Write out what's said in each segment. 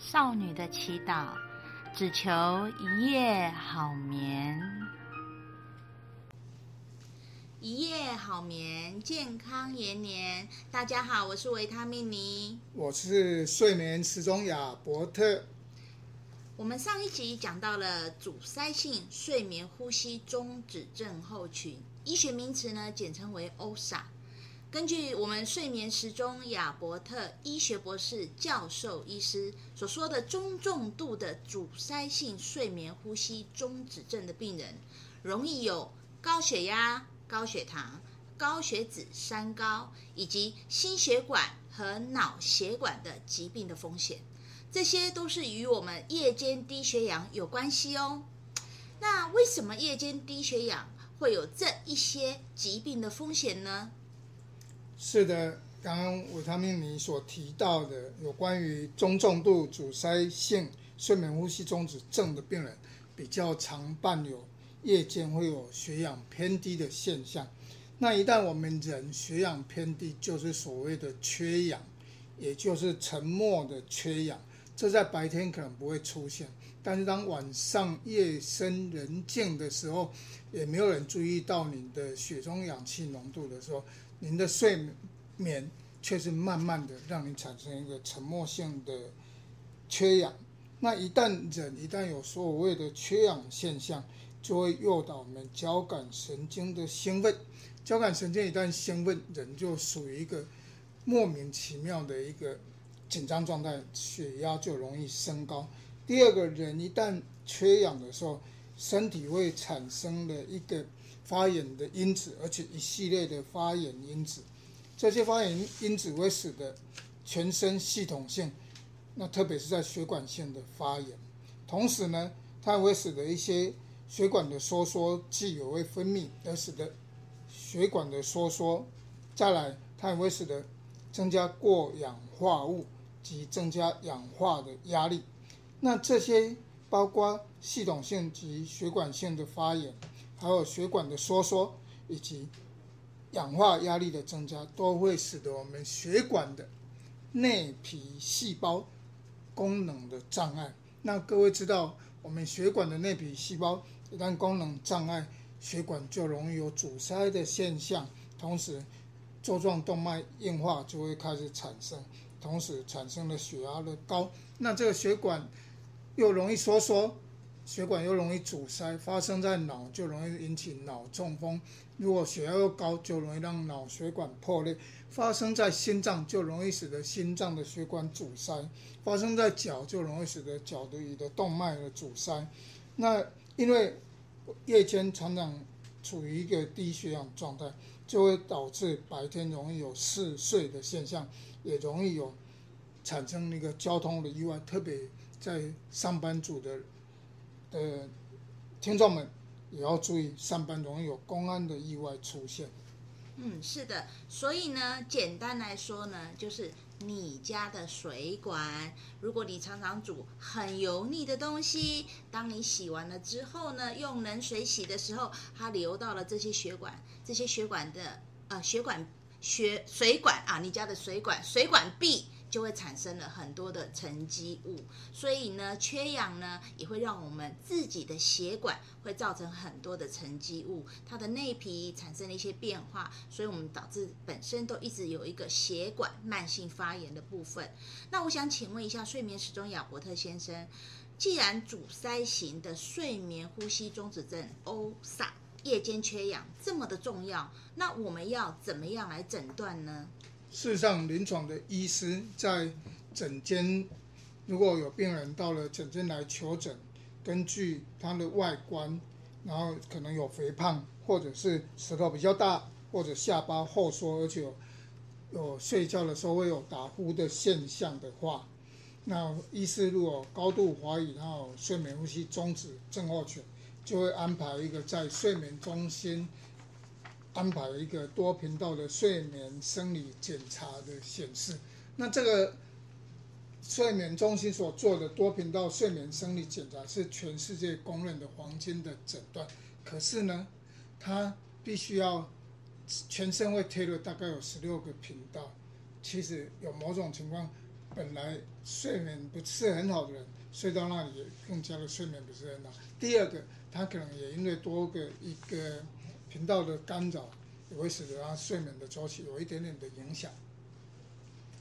少女的祈禱，只求一夜好眠。一夜好眠，健康延年。大家好，我是維他命尼。我是睡眠時鐘亞伯特。我們上一集講到了阻塞性睡眠呼吸中止症候群，醫學名詞呢，簡稱為 OSA。根據我們睡眠時鍾亞伯特醫學博士、教授醫師所說的，中重度的阻塞性睡眠呼吸中止症的病人，容易有高血壓、高血糖、高血脂“三高”，以及心血管和腦血管的疾病的風險。這些都是與我們夜間低血氧有關係哦。那為什麼夜間低血氧會有這一些疾病的風險呢？是的，剛剛維他命你所提到的，有關於中重度阻塞性睡眠呼吸中止症的病人，比較常伴有夜間會有血氧偏低的現象。那一旦我們人血氧偏低，就是所謂的缺氧，也就是沉默的缺氧。這在白天可能不會出現，但是當晚上夜深人靜的時候，也沒有人注意到你的血中氧氣濃度的時候，您的睡眠卻是慢慢的讓你產生一個沉默性的缺氧。那一旦人一旦有所謂的缺氧現象，就會誘導我們交感神經的興奮。交感神經一旦興奮，人就屬於一個莫名其妙的一個緊張狀態，血壓就容易升高。第二個人一旦缺氧的時候，身體會產生了一個。發炎的因子，而且一系列的發炎因子，這些發炎因子會使得全身系統性，那特別是在血管性的發炎。同時呢，它也會使得一些血管的收縮劑也會分泌，而使得血管的收縮。再來，它也會使得增加過氧化物及增加氧化的壓力。那這些包括系統性及血管性的發炎。還有血管的收縮，縮，以及氧化壓力的增加，都會使得我們血管的內皮細胞功能的障礙。那各位知道，我們血管的內皮細胞一旦功能障礙，血管就容易有阻塞的現象。同時，粥狀動脈硬化就會開始產生，同時產生了血壓的高，那這個血管又容易收縮，縮。血管又容易阻塞，發生在腦就容易引起腦中風；如果血壓又高，就容易讓腦血管破裂；發生在心臟就容易使得心臟的血管阻塞；發生在腳就容易使得腳的你的動脈的阻塞。那因為夜間常常處於一個低血氧狀態，就會導致白天容易有嗜睡的現象，也容易有產生那個交通的意外，特別在上班族的。呃，聽眾們也要注意，上班容易有工安的意外出現。嗯，是的，所以呢，簡單來說呢，就是你家的水管，如果你常常煮很油膩的東西，當你洗完了之後呢，用冷水洗的時候，它流到了這些血管，這些血管的啊、呃，血管血水管啊，你家的水管水管壁。就會產生了很多的沉積物，所以呢，缺氧呢也會讓我們自己的血管會造成很多的沉積物，它的內皮產生了一些變化，所以我們導致本身都一直有一個血管慢性發炎的部分。那我想請問一下睡眠時鐘亞伯特先生，既然阻塞型的睡眠呼吸中止症、OSA、夜間缺氧這麼的重要，那我們要怎麼樣來診斷呢？事實上，臨床的醫師在診間，如果有病人到了診間來求診，根據他的外觀，然後可能有肥胖，或者是舌頭比較大，或者下巴後縮，而且有有睡覺的時候會有打呼的現象的話，那醫師如果高度懷疑，然後睡眠呼吸中止症候群，就會安排一個在睡眠中心，安排一個多頻道的睡眠生理檢查的顯示，那這個睡眠中心所做的多頻道睡眠生理檢查是全世界公認的黃金的診斷。可是呢，他必須要全身會推入，大概有十六個頻道。其實有某種情況，本來睡眠不是很好的人，睡到那裡也更加的睡眠不是很好。第二個，他可能也因為多個一個。頻道的干擾，也會使得他睡眠的周期有一點點的影響。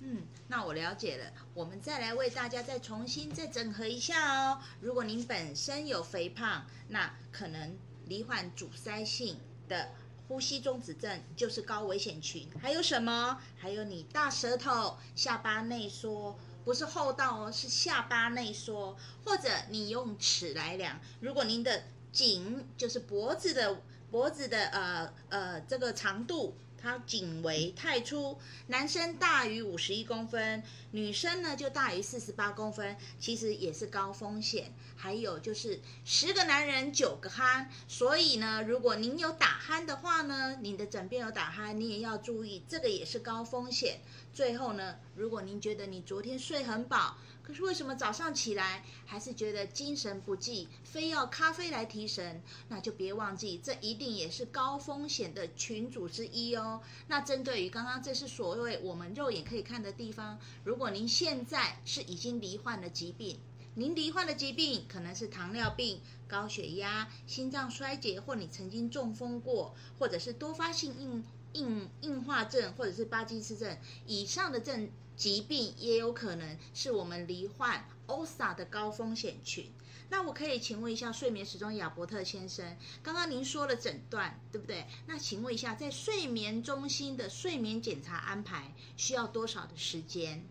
嗯，那我了解了。我們再來為大家再重新再整合一下哦。如果您本身有肥胖，那可能罹患阻塞性的呼吸中止症就是高危險群。還有什麼？還有你大舌頭、下巴內縮，不是厚道哦，是下巴內縮，或者你用尺來量，如果您的頸就是脖子的。脖子的呃呃這個長度，它頸圍太粗，男生大於五十一公分，女生呢就大於四十八公分，其實也是高風險。還有就是十個男人九個鼾，所以呢，如果您有打鼾的話呢，你的枕邊有打鼾，你也要注意，這個也是高風險。最後呢，如果您覺得你昨天睡很飽。可是為什麼早上起來還是覺得精神不濟，非要咖啡來提神？那就別忘記，這一定也是高風險的群組之一哦。那針對於剛剛，這是所謂我們肉眼可以看的地方。如果您現在是已經罹患了疾病，您罹患的疾病可能是糖尿病、高血壓、心臟衰竭，或你曾經中風過，或者是多發性硬硬硬化症，或者是帕金森症以上的症。疾病也有可能是我們罹患 OSA 的高風險群。那我可以請問一下，睡眠時鐘亞伯特先生，剛剛您說了診斷，對不對？那請問一下，在睡眠中心的睡眠檢查安排需要多少的時間？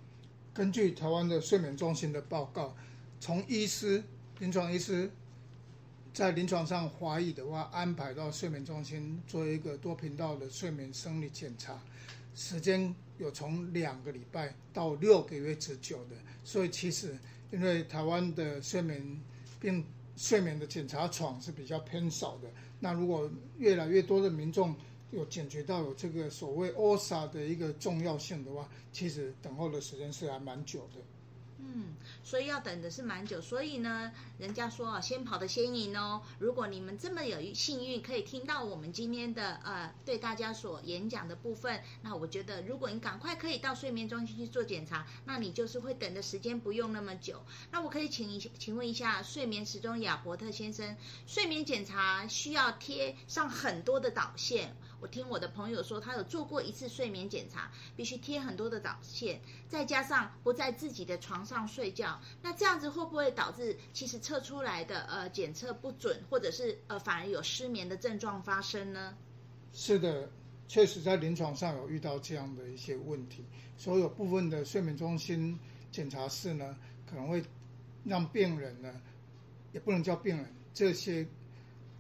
根據台灣的睡眠中心的報告，從醫師、臨床醫師在臨床上懷疑的話，安排到睡眠中心做一個多頻道的睡眠生理檢查，時間。有從兩個禮拜到六個月之久的，所以其實因為台灣的睡眠病，睡眠的檢查床是比較偏少的，那如果越來越多的民眾有警覺到有這個所謂 OSA 的一個重要性的話，其實等候的時間是還蠻久的。嗯，所以要等的是蠻久，所以呢，人家說啊，先跑的先贏哦。如果你們這麼有幸運，可以聽到我們今天的呃對大家所演講的部分，那我覺得，如果你趕快可以到睡眠中心去做檢查，那你就是會等的時間不用那麼久。那我可以請一請問一下睡眠時鐘亞伯特先生，睡眠檢查需要貼上很多的導線？我聽我的朋友說，他有做過一次睡眠檢查，必須貼很多的導線，再加上不在自己的床上睡覺，那這樣子會不會導致其實測出來的呃檢測不準，或者是呃反而有失眠的症狀發生呢？是的，確實在臨床上有遇到這樣的一些問題，所以有部分的睡眠中心檢查室呢，可能會讓病人呢，也不能叫病人，這些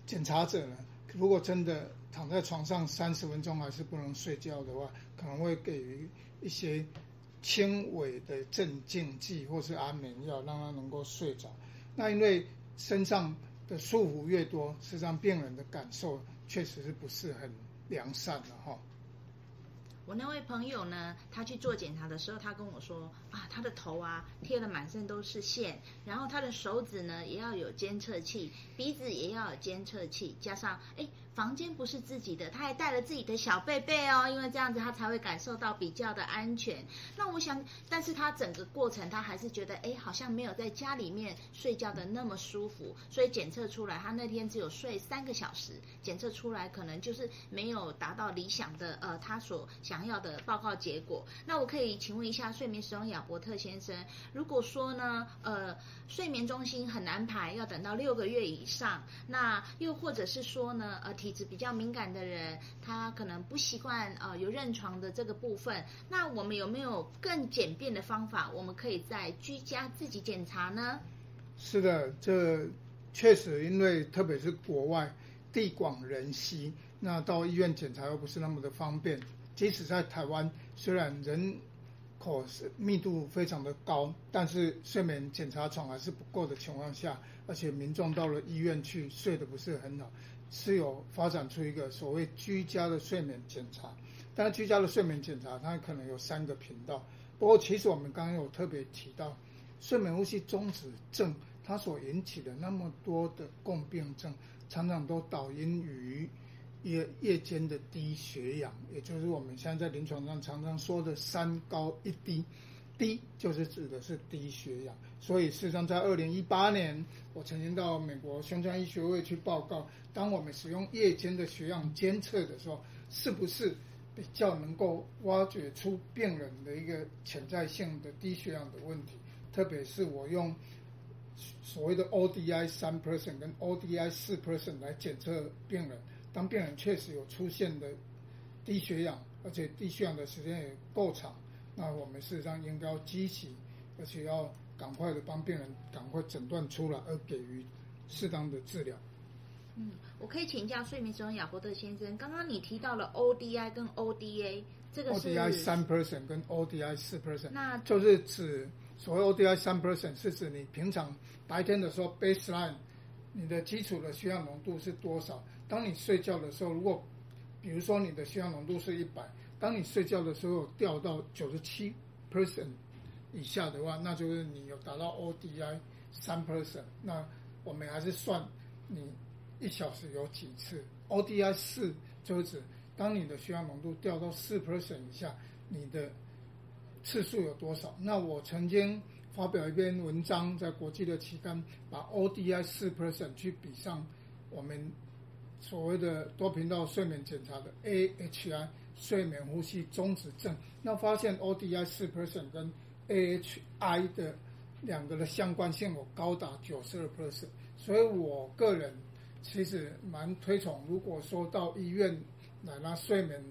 檢查者呢，如果真的。躺在床上三十分鐘還是不能睡覺的話，可能會給予一些輕微的鎮靜劑或是安眠藥，讓他能夠睡着。那因為身上的束縛越多，實際上病人的感受確實是不是很良善的，啊、哈。我那位朋友呢，他去做檢查的時候，他跟我說啊，他的頭啊貼得滿身都是線，然後他的手指呢也要有監測器，鼻子也要有監測器，加上哎。欸房間不是自己的，他還帶了自己的小貝貝哦，因為這樣子他才會感受到比較的安全。那我想，但是他整個過程他還是覺得，哎，好像沒有在家裡面睡覺的那麼舒服，所以檢測出來他那天只有睡三個小時，檢測出來可能就是沒有達到理想的呃，他所想要的報告結果。那我可以請問一下睡眠使用雅伯特先生，如果說呢，呃，睡眠中心很難排，要等到六個月以上，那又或者是說呢，呃，體質比較敏感的人，他可能不習慣呃，有認床的這個部分。那我們有沒有更簡便的方法？我們可以在居家自己檢查呢？是的，這確實，因為特別是國外地廣人稀，那到醫院檢查又不是那麼的方便。即使在台灣，雖然人。是密度非常的高，但是睡眠檢查床還是不夠的情況下，而且民眾到了醫院去睡得不是很好，是有發展出一個所謂居家的睡眠檢查。但居家的睡眠檢查，它可能有三個頻道。不過其實我們剛剛有特別提到，睡眠呼吸中止症它所引起的那麼多的共病症，常常都導因於。夜夜間的低血氧，也就是我們現在在臨床上常常說的“三高一低”，低就是指的是低血氧。所以，事實上，在二零一八年，我曾經到美國胸腔醫學會去報告，當我們使用夜間的血氧監測的時候，是不是比較能夠挖掘出病人的一個潛在性的低血氧的問題？特別是我用所謂的 ODI 三 percent 跟 ODI 四 percent 來檢測病人。當病人確實有出現的低血氧，而且低血氧的時間也夠長，那我們事實上應該要積極，而且要趕快的幫病人趕快診斷出來，而給予適當的治療。嗯，我可以請教睡眠中心亞伯特先生，剛剛你提到了 ODI 跟 ODA，這個是 ODI 三 percent 跟 ODI 四 percent 那就是指所謂 ODI 三 percent 是指你平常白天的時候 baseline。你的基礎的血氧濃度是多少？當你睡覺的時候，如果比如說你的血氧濃度是一百，當你睡覺的時候掉到九十七 percent 以下的話，那就是你有達到 O D I 三 percent。那我們還是算你一小時有幾次 O D I 四，就是指當你的血氧濃度掉到四 percent 以下，你的次數有多少？那我曾經。發表一篇文章在國際的期刊，把 ODI 四 percent 去比上我們所謂的多頻道睡眠檢查的 AHI 睡眠呼吸中止症，那發現 ODI 四 percent 跟 AHI 的兩個的相關性有高達九十二 percent，所以我個人其實蠻推崇，如果說到醫院來拿睡眠，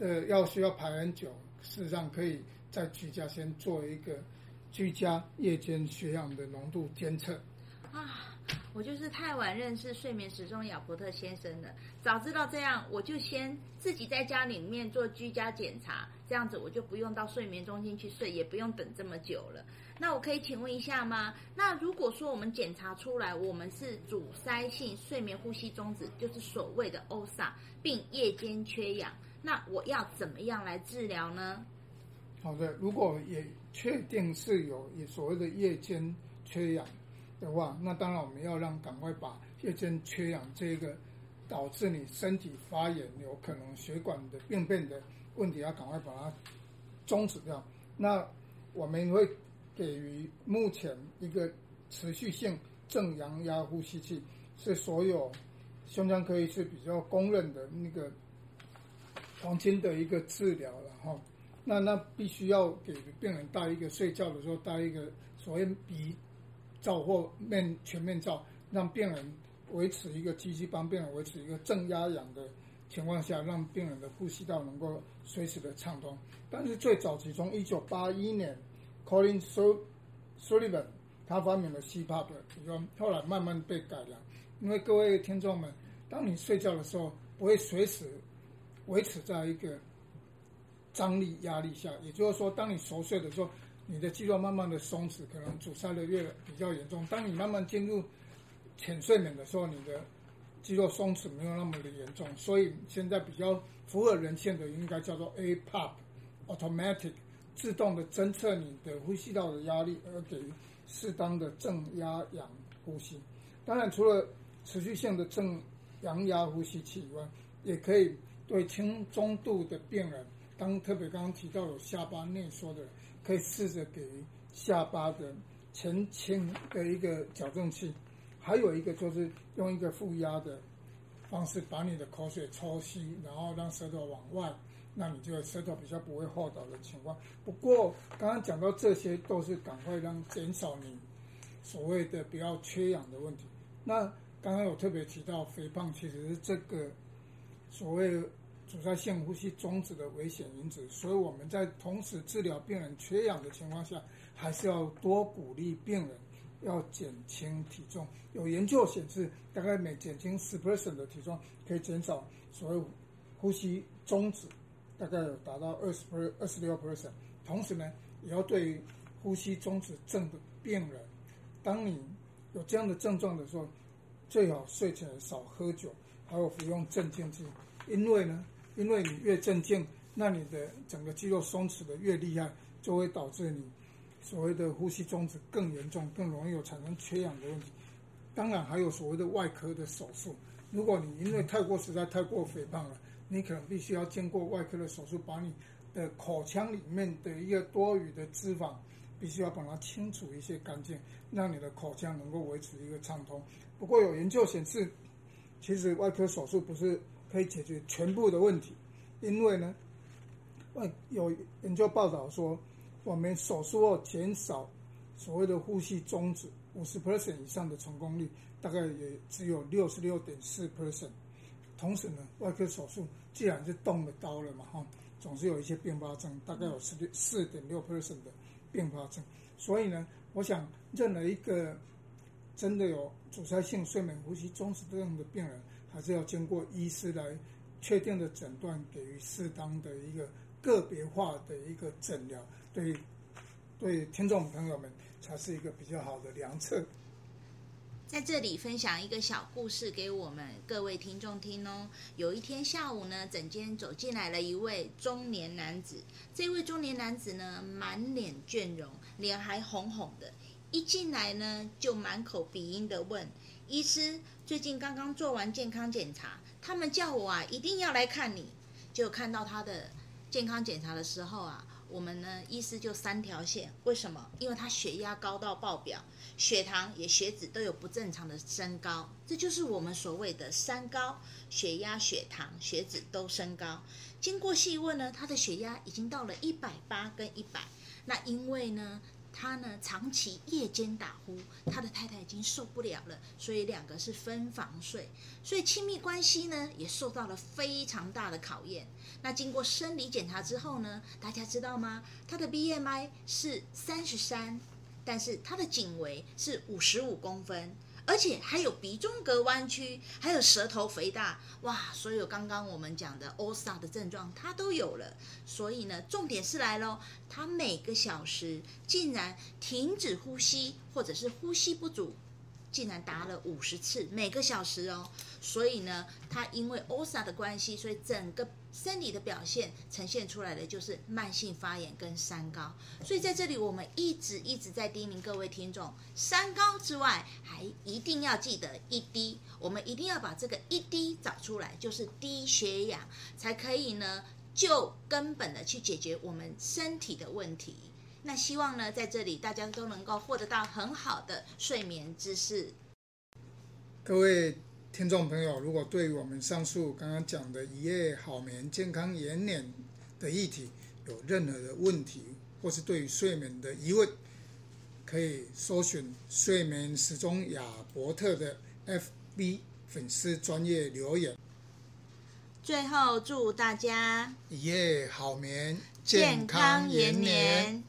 呃，要需要排很久，事實上可以在居家先做一個。居家夜間血氧的濃度監測啊，我就是太晚認識睡眠時鐘、亞伯特先生了。早知道這樣，我就先自己在家裡面做居家檢查，這樣子我就不用到睡眠中心去睡，也不用等這麼久了。那我可以請問一下嗎？那如果說我們檢查出來我們是阻塞性睡眠呼吸中止，就是所謂的 OSA 併夜間缺氧，那我要怎麼樣來治療呢？好、啊、的，如果也。確定是有所謂的夜間缺氧的話，那當然我們要讓趕快把夜間缺氧這個導致你身體發炎、有可能血管的病變的問題，要趕快把它終止掉。那我們會給予目前一個持續性正陽壓呼吸器，是所有胸腔科醫師比較公認的那個黃金的一個治療，然後。那那必須要給病人戴一個睡覺的時候戴一個所謂鼻罩或面全面罩，讓病人維持一個機器幫病人維持一個正壓氧的情況下，讓病人的呼吸道能夠隨時的暢通。但是最早期，從一九八一年，Colin 蘇蘇利文他發明了 CPAP，然後後來慢慢被改良。因為各位聽眾們，當你睡覺的時候，不會隨時維持在一個。張力壓力下，也就是說，當你熟睡的時候，你的肌肉慢慢的鬆弛，可能阻塞的越比較嚴重。當你慢慢進入淺睡眠的時候，你的肌肉鬆弛沒有那麼的嚴重。所以現在比較符合人性的，應該叫做 A-PAP Automatic 自動的偵測你的呼吸道的壓力，而給予適當的正壓陽呼吸。當然，除了持續性的正陽壓呼吸器以外，也可以對輕中度的病人，當特別剛剛提到有下巴內縮的，可以試着給下巴的前傾的一個矯正器，還有一個就是用一個負壓的方式把你的口水抽吸，然後讓舌頭往外，那你就舌頭比較不會後倒的情況。不過剛剛講到這些都是趕快讓減少你所謂的比較缺氧的問題。那剛剛有特別提到肥胖其實是這個所謂。阻塞性呼吸中止的危險因子，所以我們在同時治療病人缺氧的情況下，還是要多鼓勵病人要減輕體重。有研究顯示，大概每減輕十 p 的體重，可以減少所有呼吸中止，大概有達到二十 p 二十六。同時呢，也要對呼吸中止症的病人，當你有這樣的症狀的時候，最好睡起來少喝酒，還有服用鎮靜劑，因為呢。因為你越鎮靜，那你的整個肌肉鬆弛得越厲害，就會導致你所謂的呼吸中止更嚴重，更容易有產生缺氧的問題。當然還有所謂的外科的手術，如果你因為太過實在太過肥胖了，你可能必須要經過外科的手術，把你的口腔裡面的一個多餘的脂肪，必須要把它清除一些乾淨，讓你的口腔能夠維持一個暢通。不過有研究顯示，其實外科手術不是。可以解決全部的問題，因為呢，有研究報道說，我們手術後減少所謂的呼吸中止，五十 percent 以上的成功率，大概也只有六十六點四 percent。同時呢，外科手術既然是動了刀了嘛，哈，總是有一些併發症，大概有四四點六 percent 的併發症。所以呢，我想，任何一個真的有阻塞性睡眠呼吸中止這樣的病人。還是要經過醫師來確定的診斷，給予適當的一個個別化的一個診療，對對聽眾朋友們才是一個比較好的良策。在這裡分享一個小故事給我們各位聽眾聽哦。有一天下午呢，診間走進來了一位中年男子。這位中年男子呢，滿臉倦容，臉還紅紅的，一進來呢，就滿口鼻音的問。醫師，最近剛剛做完健康檢查，他們叫我啊一定要來看你。就看到他的健康檢查的時候啊，我們呢醫師就三條線，為什麼？因為他血壓高到爆表，血糖也血脂都有不正常的升高，這就是我們所謂的三高：血壓、血糖、血脂都升高。經過細問呢，他的血壓已經到了一百八跟一百，那因為呢？他呢長期夜間打呼，他的太太已經受不了了，所以兩個是分房睡，所以親密關係呢也受到了非常大的考驗。那經過生理檢查之後呢，大家知道嗎？他的 BMI 是三十三，但是他的頸圍是五十五公分。而且還有鼻中隔彎曲，還有舌頭肥大，哇！所有剛剛我們講的 OSA 的症狀，它都有了。所以呢，重點是來咯，它每個小時竟然停止呼吸，或者是呼吸不足。竟然達了五十次，每個小時哦，所以呢，它因為 OSA 的關係，所以整個生理的表現呈現出來的就是慢性發炎跟三高。所以在這裡，我們一直一直在叮嚀各位聽眾，三高之外，還一定要記得一低，我們一定要把這個一低找出來，就是低血氧，才可以呢，就根本的去解決我們身體的問題。那希望呢，在這裡大家都能夠獲得到很好的睡眠知識。各位聽眾朋友，如果對於我們上述剛剛講的“一夜好眠，健康延年”的議題有任何的問題，或是對於睡眠的疑問，可以搜尋“睡眠時鐘亞伯特”的 FB 粉絲專業留言。最後，祝大家一夜好眠，健康延年。